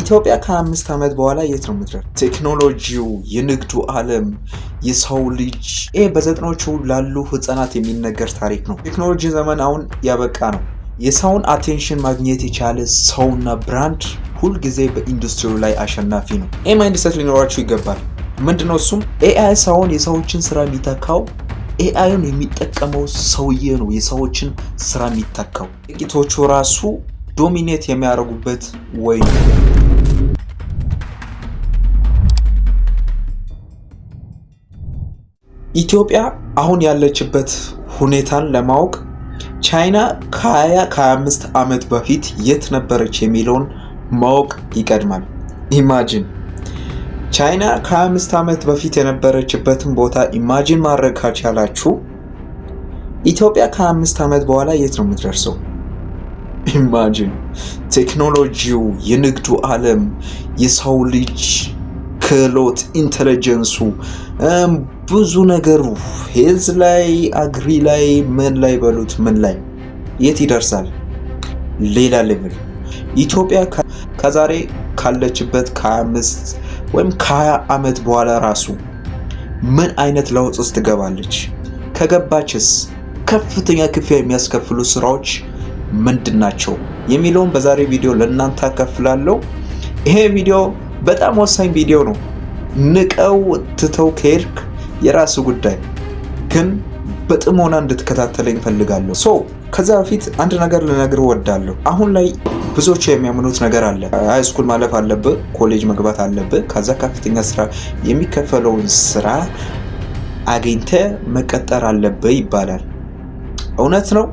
ኢትዮጵያ ከአምስት ዓመት በኋላ የት ነው ምድረ ቴክኖሎጂው፣ የንግዱ ዓለም፣ የሰው ልጅ ይህ በዘጠናዎቹ ላሉ ህፃናት የሚነገር ታሪክ ነው። ቴክኖሎጂ ዘመን አሁን ያበቃ ነው። የሰውን አቴንሽን ማግኘት የቻለ ሰውና ብራንድ ሁልጊዜ በኢንዱስትሪው ላይ አሸናፊ ነው። ይህ ማይንድሰት ሊኖራቸው ይገባል። ምንድነው እሱም ኤአይ ሳይሆን የሰዎችን ስራ የሚተካው ኤአይን የሚጠቀመው ሰውዬ ነው የሰዎችን ስራ የሚተካው። ጥቂቶቹ ራሱ ዶሚኔት የሚያደርጉበት ወይ ኢትዮጵያ አሁን ያለችበት ሁኔታን ለማወቅ ቻይና ከ20 ከ25 ዓመት በፊት የት ነበረች የሚለውን ማወቅ ይቀድማል። ኢማጂን ቻይና ከ25 ዓመት በፊት የነበረችበትን ቦታ ኢማጂን ማድረግ ካቻላችሁ ኢትዮጵያ ከ25 ዓመት በኋላ የት ነው የምትደርሰው? ኢማጂን ቴክኖሎጂው፣ የንግዱ ዓለም፣ የሰው ልጅ ክህሎት፣ ኢንተለጀንሱ ብዙ ነገሩ ሄልዝ ላይ አግሪ ላይ ምን ላይ በሉት ምን ላይ የት ይደርሳል? ሌላ ሌቭል ኢትዮጵያ ከዛሬ ካለችበት ከ25 ወይም ከ20 ዓመት በኋላ ራሱ ምን አይነት ለውጥ ውስጥ ትገባለች? ከገባችስ ከፍተኛ ክፍያ የሚያስከፍሉ ስራዎች ምንድን ናቸው የሚለውን በዛሬ ቪዲዮ ለእናንተ አከፍላለሁ። ይሄ ቪዲዮ በጣም ወሳኝ ቪዲዮ ነው። ንቀው ትተው ከሄድክ የራስ ጉዳይ ግን በጥሞና እንድትከታተለኝ እፈልጋለሁ። ሶ ከዛ በፊት አንድ ነገር ልነግር ወዳለሁ አሁን ላይ ብዙዎች የሚያምኑት ነገር አለ። ሃይስኩል ማለፍ አለብህ፣ ኮሌጅ መግባት አለብህ፣ ከዛ ከፍተኛ ስራ የሚከፈለውን ስራ አግኝተ መቀጠር አለብህ ይባላል። እውነት ነው።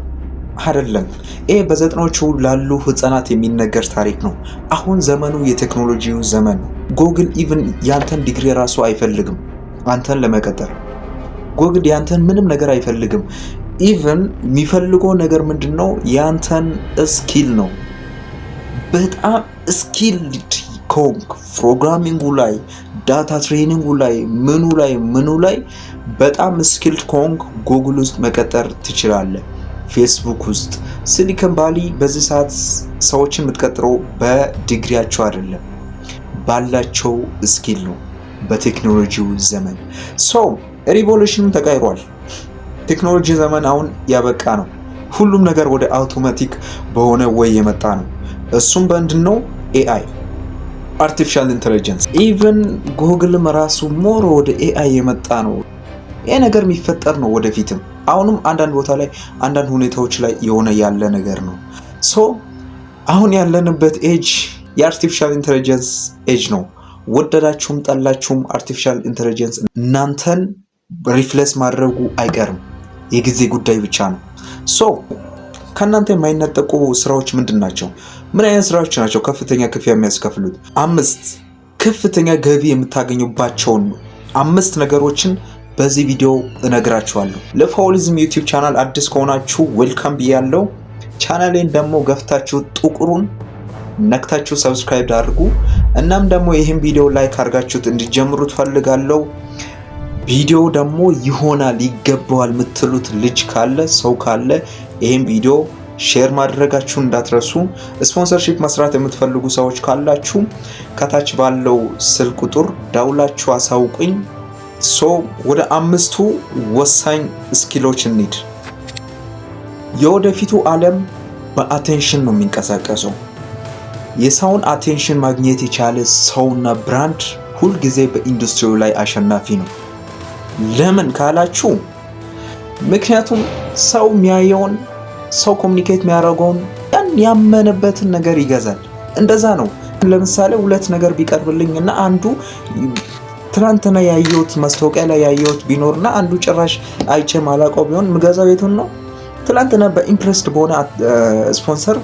አይደለም። ይህ በዘጠናዎቹ ላሉ ህፃናት የሚነገር ታሪክ ነው። አሁን ዘመኑ የቴክኖሎጂው ዘመን ነው። ጎግል ኢቭን ያንተን ዲግሪ ራሱ አይፈልግም አንተን ለመቀጠር። ጎግል ያንተን ምንም ነገር አይፈልግም። ኢቭን የሚፈልገው ነገር ምንድን ነው? ያንተን ስኪል ነው። በጣም ስኪልድ ኮንክ ፕሮግራሚንጉ ላይ ዳታ ትሬኒንጉ ላይ ምኑ ላይ ምኑ ላይ በጣም ስኪልድ ኮንክ ጎግል ውስጥ መቀጠር ትችላለህ። ፌስቡክ ውስጥ ሲሊከን ቫሊ በዚህ ሰዓት ሰዎችን የምትቀጥረው በዲግሪያቸው አይደለም፣ ባላቸው ስኪል ነው። በቴክኖሎጂው ዘመን ሰው ሪቮሉሽኑ ተቃይሯል። ቴክኖሎጂ ዘመን አሁን ያበቃ ነው። ሁሉም ነገር ወደ አውቶማቲክ በሆነ ወይ የመጣ ነው። እሱም በምንድን ነው? ኤአይ አርቲፊሻል ኢንቴሊጀንስ። ኢቨን ጉግልም ራሱ ሞሮ ወደ ኤአይ የመጣ ነው። ይህ ነገር የሚፈጠር ነው ወደፊትም አሁንም አንዳንድ ቦታ ላይ አንዳንድ ሁኔታዎች ላይ የሆነ ያለ ነገር ነው። ሶ አሁን ያለንበት ኤጅ የአርቲፊሻል ኢንቴሊጀንስ ኤጅ ነው። ወደዳችሁም ጠላችሁም አርቲፊሻል ኢንቴሊጀንስ እናንተን ሪፍለስ ማድረጉ አይቀርም፣ የጊዜ ጉዳይ ብቻ ነው። ሶ ከእናንተ የማይነጠቁ ስራዎች ምንድን ናቸው? ምን አይነት ስራዎች ናቸው ከፍተኛ ክፍያ የሚያስከፍሉት? አምስት ከፍተኛ ገቢ የምታገኙባቸውን አምስት ነገሮችን በዚህ ቪዲዮ እነግራችኋለሁ። ለፋውሊዝም ዩቲዩብ ቻናል አዲስ ከሆናችሁ ዌልካም ብያለሁ። ቻናሌን ደግሞ ገፍታችሁ ጥቁሩን ነክታችሁ ሰብስክራይብ አድርጉ። እናም ደግሞ ይህን ቪዲዮ ላይክ አድርጋችሁት እንዲጀምሩ ትፈልጋለሁ ቪዲዮ ደግሞ ይሆናል ይገባዋል የምትሉት ልጅ ካለ ሰው ካለ ይህን ቪዲዮ ሼር ማድረጋችሁ እንዳትረሱ። ስፖንሰርሺፕ መስራት የምትፈልጉ ሰዎች ካላችሁ ከታች ባለው ስልክ ቁጥር ደውላችሁ አሳውቁኝ። ሶ ወደ አምስቱ ወሳኝ ስኪሎች እንሂድ። የወደፊቱ ዓለም በአቴንሽን ነው የሚንቀሳቀሰው። የሰውን አቴንሽን ማግኘት የቻለ ሰውና ብራንድ ሁልጊዜ በኢንዱስትሪው ላይ አሸናፊ ነው። ለምን ካላችሁ፣ ምክንያቱም ሰው የሚያየውን ሰው ኮሚኒኬት የሚያደርገውን ያን ያመነበትን ነገር ይገዛል። እንደዛ ነው። ለምሳሌ ሁለት ነገር ቢቀርብልኝ እና አንዱ ትናንትና ያየሁት ማስታወቂያ ላይ ያየሁት ቢኖርና አንዱ ጭራሽ አይቼ ማላውቀው ቢሆን ምገዛው የቱን ነው። ትናንትና በኢምፕሬስድ በሆነ ስፖንሰር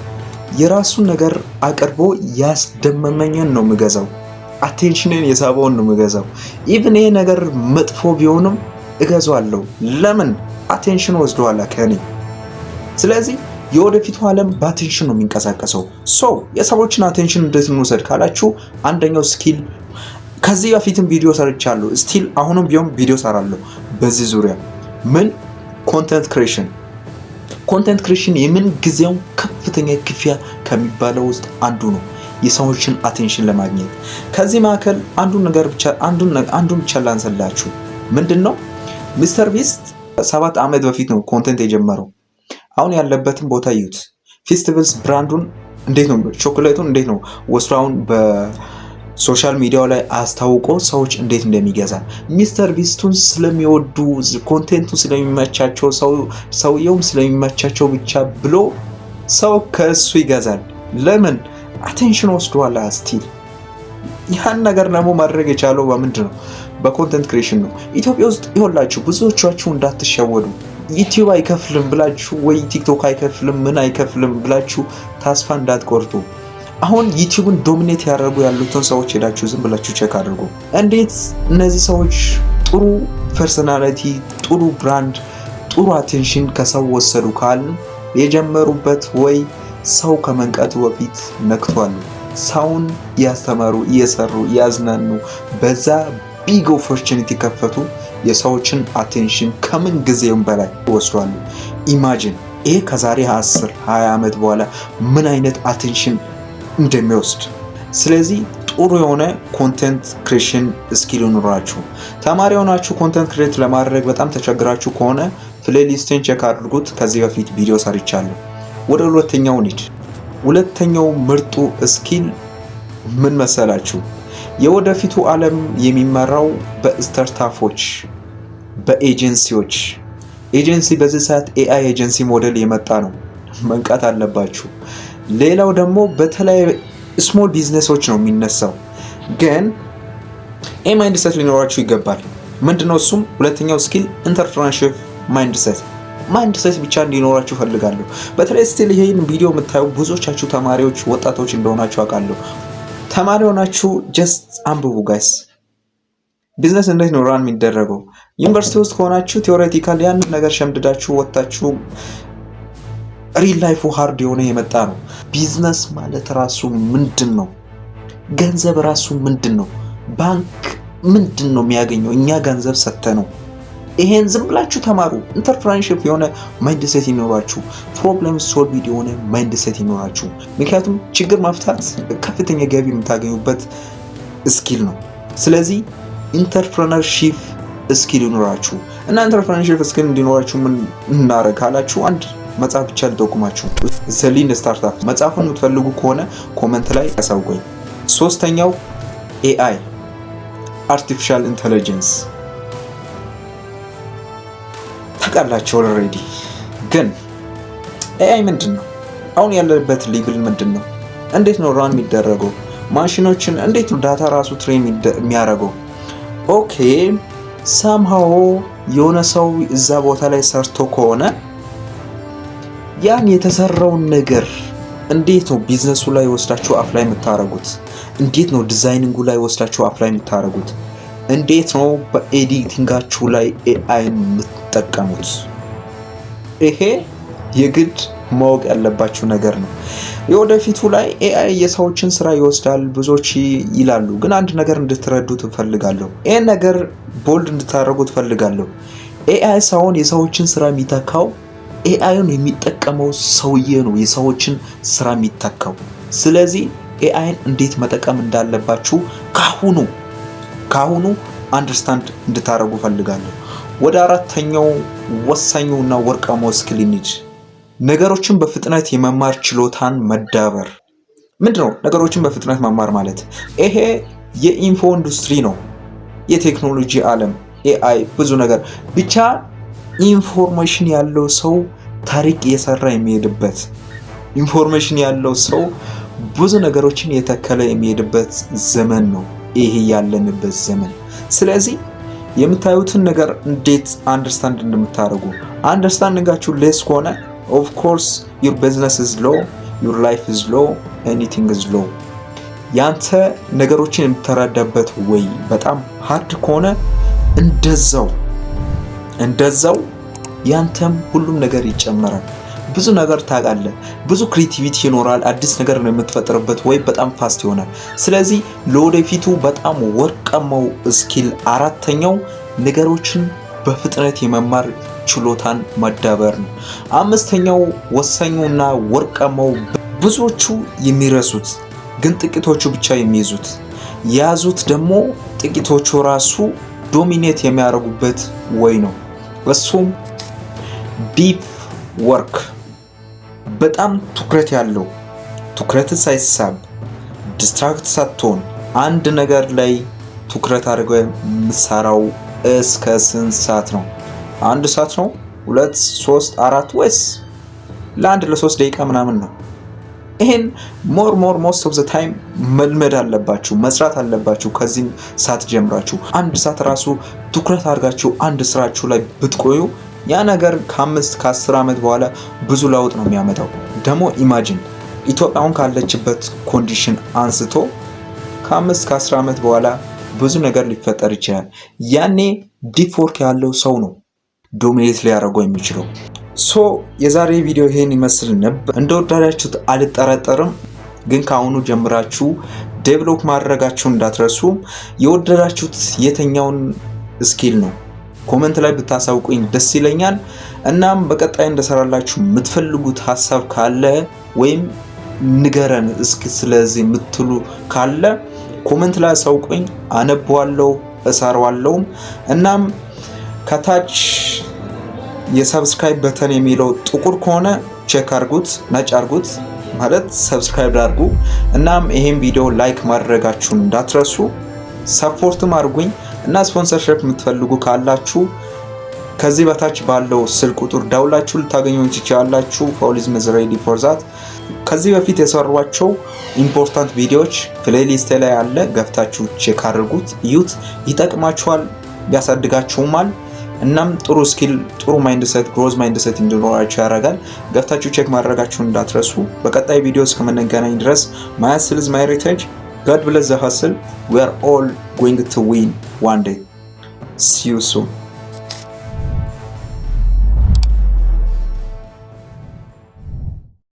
የራሱን ነገር አቅርቦ ያስደመመኝን ነው ምገዛው። አቴንሽንን የሳበውን ነው ምገዛው። ኢቭን ይሄ ነገር መጥፎ ቢሆንም እገዛዋለሁ። ለምን አቴንሽን ወስደኋላ ከኔ። ስለዚህ የወደፊቱ ዓለም በአቴንሽን ነው የሚንቀሳቀሰው። ሶ የሰዎችን አቴንሽን እንዴት እንውሰድ ካላችሁ አንደኛው ስኪል ከዚህ በፊትም ቪዲዮ ሰርቻለሁ። ስቲል አሁንም ቢሆን ቪዲዮ ሰራለሁ በዚህ ዙሪያ ምን ኮንተንት ክሬሽን ኮንተንት ክሬሽን የምን ጊዜው ከፍተኛ ክፍያ ከሚባለው ውስጥ አንዱ ነው። የሰዎችን አቴንሽን ለማግኘት ከዚህ መካከል አንዱን ነገር ብቻ አንዱን ብቻ ላንሰላችሁ። ምንድን ነው ሚስተር ቢስት ሰባት ዓመት በፊት ነው ኮንተንት የጀመረው። አሁን ያለበትን ቦታ ዩት ፌስቲቫልስ ብራንዱን እንዴት ነው ቾኮሌቱን እንዴት ነው በ ሶሻል ሚዲያው ላይ አስታውቆ ሰዎች እንዴት እንደሚገዛ ሚስተር ቢስቱን ስለሚወዱ ኮንቴንቱ ስለሚመቻቸው ሰውየውም ስለሚመቻቸው ብቻ ብሎ ሰው ከእሱ ይገዛል። ለምን አቴንሽን ወስዷል። ስቲል ያን ነገር ደግሞ ማድረግ የቻለው በምንድን ነው? በኮንተንት ክሬሽን ነው። ኢትዮጵያ ውስጥ ይሆላችሁ ብዙዎቻችሁ እንዳትሸወዱ ዩቲዩብ አይከፍልም ብላችሁ ወይ ቲክቶክ አይከፍልም ምን አይከፍልም ብላችሁ ተስፋ እንዳትቆርጡ። አሁን ዩቲዩብን ዶሚኔት ያደርጉ ያሉትን ሰዎች ሄዳችሁ ዝም ብላችሁ ቼክ አድርጉ። እንዴት እነዚህ ሰዎች ጥሩ ፐርሰናሊቲ ጥሩ ብራንድ፣ ጥሩ አቴንሽን ከሰው ወሰዱ ካል የጀመሩበት ወይ ሰው ከመንቃቱ በፊት ነክቷል ሰውን ያስተማሩ፣ እየሰሩ፣ ያዝናኑ በዛ ቢግ ኦፖርቹኒቲ ከፈቱ። የሰዎችን አቴንሽን ከምን ጊዜም በላይ ይወስዷሉ። ኢማጂን ይሄ ከዛሬ 10 20 ዓመት በኋላ ምን አይነት አቴንሽን እንደሚወስድ ስለዚህ ጥሩ የሆነ ኮንተንት ክሬሽን እስኪል ይኑራችሁ። ተማሪ የሆናችሁ ኮንተንት ክሬት ለማድረግ በጣም ተቸግራችሁ ከሆነ ፕሌሊስትን ቼክ አድርጉት። ከዚህ በፊት ቪዲዮ ሰርቻለሁ። ወደ ሁለተኛው ኒድ ሁለተኛው ምርጡ እስኪል ምን መሰላችሁ? የወደፊቱ ዓለም የሚመራው በስታርታፎች በኤጀንሲዎች። ኤጀንሲ በዚህ ሰዓት ኤአይ ኤጀንሲ ሞዴል የመጣ ነው። መንቃት አለባችሁ። ሌላው ደግሞ በተለያዩ ስሞል ቢዝነሶች ነው የሚነሳው። ግን ይህ ማይንድሰት ሊኖራችሁ ይገባል። ምንድነው እሱም ሁለተኛው ስኪል ኢንተርፕረነርሺፕ ማይንድሰት ማይንድሰት ብቻ እንዲኖራችሁ ፈልጋለሁ። በተለይ ስቲል ይህን ቪዲዮ የምታዩ ብዙዎቻችሁ ተማሪዎች፣ ወጣቶች እንደሆናችሁ አውቃለሁ። ተማሪ ሆናችሁ ጀስት አንብቡ ጋይስ። ቢዝነስ እንዴት ነው ራን የሚደረገው? ዩኒቨርሲቲ ውስጥ ከሆናችሁ ቴዎሬቲካል ያንን ነገር ሸምድዳችሁ ወጥታችሁ ሪል ላይፉ ሃርድ የሆነ የመጣ ነው። ቢዝነስ ማለት ራሱ ምንድን ነው? ገንዘብ ራሱ ምንድን ነው? ባንክ ምንድን ነው የሚያገኘው? እኛ ገንዘብ ሰጥተ ነው። ይሄን ዝም ብላችሁ ተማሩ። ኢንተርፕራንሽፕ የሆነ ማይንድሴት ይኖራችሁ፣ ፕሮብለም ሶልቪድ የሆነ ማይንድሴት ይኖራችሁ። ምክንያቱም ችግር መፍታት ከፍተኛ ገቢ የምታገኙበት ስኪል ነው። ስለዚህ ኢንተርፕረነርሺፕ ስኪል ይኖራችሁ እና ኢንተርፕረነርሺፕ ስኪል እንዲኖራችሁ ምን እናደርግ አላችሁ? አንድ መጽሐፍ ብቻ ልጠቁማችሁ፣ ዘሊን ስታርታፕ መጽሐፉን የምትፈልጉ ከሆነ ኮመንት ላይ ያሳውቁኝ። ሶስተኛው ኤአይ አርቲፊሻል ኢንተለጀንስ ታውቃላችሁ ኦልሬዲ። ግን ኤአይ ምንድን ነው? አሁን ያለበት ሌብል ምንድን ነው? እንዴት ነው ራን የሚደረገው? ማሽኖችን እንዴት ነው ዳታ ራሱ ትሬን የሚያደርገው? ኦኬ ሳምሃው የሆነ ሰው እዛ ቦታ ላይ ሰርቶ ከሆነ ያን የተሰራውን ነገር እንዴት ነው ቢዝነሱ ላይ ወስዳችሁ አፕላይ የምታደረጉት እንዴት ነው ዲዛይኒንጉ ላይ ወስዳችሁ አፕላይ የምታደረጉት እንዴት ነው በኤዲቲንጋችሁ ላይ ኤአይን የምትጠቀሙት? ይሄ የግድ ማወቅ ያለባችሁ ነገር ነው። የወደፊቱ ላይ ኤአይ የሰዎችን ስራ ይወስዳል ብዙዎች ይላሉ፣ ግን አንድ ነገር እንድትረዱ ትፈልጋለሁ። ይህን ነገር ቦልድ እንድታደርጉ ትፈልጋለሁ። ኤአይ ሳይሆን የሰዎችን ስራ የሚተካው ኤአይን የሚጠቀመው ሰውዬ ነው የሰዎችን ስራ የሚተካው። ስለዚህ ኤአይን እንዴት መጠቀም እንዳለባችሁ ካሁኑ ካሁኑ አንደርስታንድ እንድታደርጉ ፈልጋለሁ። ወደ አራተኛው ወሳኙና ወርቃማው ስኪል ነገሮችን በፍጥነት የመማር ችሎታን መዳበር። ምንድን ነው ነገሮችን በፍጥነት መማር ማለት? ይሄ የኢንፎ ኢንዱስትሪ ነው፣ የቴክኖሎጂ ዓለም ኤአይ ብዙ ነገር ብቻ ኢንፎርሜሽን ያለው ሰው ታሪክ እየሰራ የሚሄድበት ኢንፎርሜሽን ያለው ሰው ብዙ ነገሮችን የተከለ የሚሄድበት ዘመን ነው ይሄ ያለንበት ዘመን። ስለዚህ የምታዩትን ነገር እንዴት አንደርስታንድ እንደምታደርጉ አንደርስታንዲንጋችሁ ሌስ ከሆነ ኦፍኮርስ ዩር ቢዝነስ ኢዝ ሎ ዩር ላይፍ ኢዝ ሎ ኤኒቲንግ ኢዝ ሎ። ያንተ ነገሮችን የምትረዳበት ወይ በጣም ሀርድ ከሆነ እንደዛው እንደዛው ያንተም ሁሉም ነገር ይጨመራል። ብዙ ነገር ታውቃለህ፣ ብዙ ክሬቲቪቲ ይኖራል፣ አዲስ ነገር ነው የምትፈጥርበት ወይም በጣም ፋስት ይሆናል። ስለዚህ ለወደፊቱ በጣም ወርቃማው ስኪል አራተኛው ነገሮችን በፍጥነት የመማር ችሎታን ማዳበር ነው። አምስተኛው ወሳኙና ወርቃማው ብዙዎቹ የሚረሱት ግን ጥቂቶቹ ብቻ የሚይዙት የያዙት ደግሞ ጥቂቶቹ ራሱ ዶሚኔት የሚያደርጉበት ወይ ነው። እሱም ዲፕ ወርክ በጣም ትኩረት ያለው ትኩረት ሳይሳብ ዲስትራክት ሳትሆን አንድ ነገር ላይ ትኩረት አድርገው የምትሰራው እስከ ስንት ሰዓት ነው? አንድ ሰዓት ነው? ሁለት ሶስት አራት ወይስ ለአንድ ለሶስት ደቂቃ ምናምን ነው? ይሄን ሞር ሞር ሞስት ኦፍ ዘ ታይም መልመድ አለባችሁ፣ መስራት አለባችሁ። ከዚህም ሰዓት ጀምራችሁ አንድ ሰዓት ራሱ ትኩረት አድርጋችሁ አንድ ስራችሁ ላይ ብትቆዩ ያ ነገር ከአምስት ከአስር ዓመት በኋላ ብዙ ለውጥ ነው የሚያመጣው። ደግሞ ኢማጂን ኢትዮጵያ አሁን ካለችበት ኮንዲሽን አንስቶ ከአምስት ከአስር ዓመት በኋላ ብዙ ነገር ሊፈጠር ይችላል። ያኔ ዲፕ ወርክ ያለው ሰው ነው ዶሚኔት ሊያደርገው የሚችለው። ሶ የዛሬ ቪዲዮ ይሄን ይመስል ነበር። እንደወዳዳችሁት አልጠረጠርም። ግን ከአሁኑ ጀምራችሁ ዴቭሎፕ ማድረጋችሁ እንዳትረሱ። የወደዳችሁት የተኛውን ስኪል ነው ኮመንት ላይ ብታሳውቁኝ ደስ ይለኛል። እናም በቀጣይ እንደሰራላችሁ የምትፈልጉት ሀሳብ ካለ ወይም ንገረን እስኪ ስለዚህ የምትሉ ካለ ኮመንት ላይ አሳውቁኝ። አነበዋለሁ፣ እሰራዋለሁም። እናም ከታች የሰብስክራይብ በተን የሚለው ጥቁር ከሆነ ቼክ አርጉት፣ ነጭ አርጉት ማለት ሰብስክራይብ አድርጉ። እናም ይሄን ቪዲዮ ላይክ ማድረጋችሁን እንዳትረሱ፣ ሰፖርትም አድርጉኝ እና ስፖንሰርሽፕ የምትፈልጉ ካላችሁ ከዚህ በታች ባለው ስልክ ቁጥር ደውላችሁ ልታገኙ ትችላላችሁ። ፖሊዝም ኢዝ ሬዲ ፎር ዛት። ከዚህ በፊት የሰሯቸው ኢምፖርታንት ቪዲዮዎች ፕሌሊስት ላይ አለ። ገብታችሁ ቼክ አድርጉት፣ እዩት። ይጠቅማችኋል፣ ያሳድጋችሁማል። እናም ጥሩ ስኪል፣ ጥሩ ማይንድሰት፣ ግሮዝ ማይንድሰት እንዲኖራችሁ ያደርጋል። ገብታችሁ ቼክ ማድረጋችሁን እንዳትረሱ። በቀጣይ ቪዲዮ እስከምንገናኝ ድረስ ማይ ሃስል ኢዝ ማይ ሄሪቴጅ ጋድ ብለስ ዘ ሃስል ዊ አር ኦል ጎይንግ ቱ ዊን ዋን ዴይ ሲ ዩ ሱን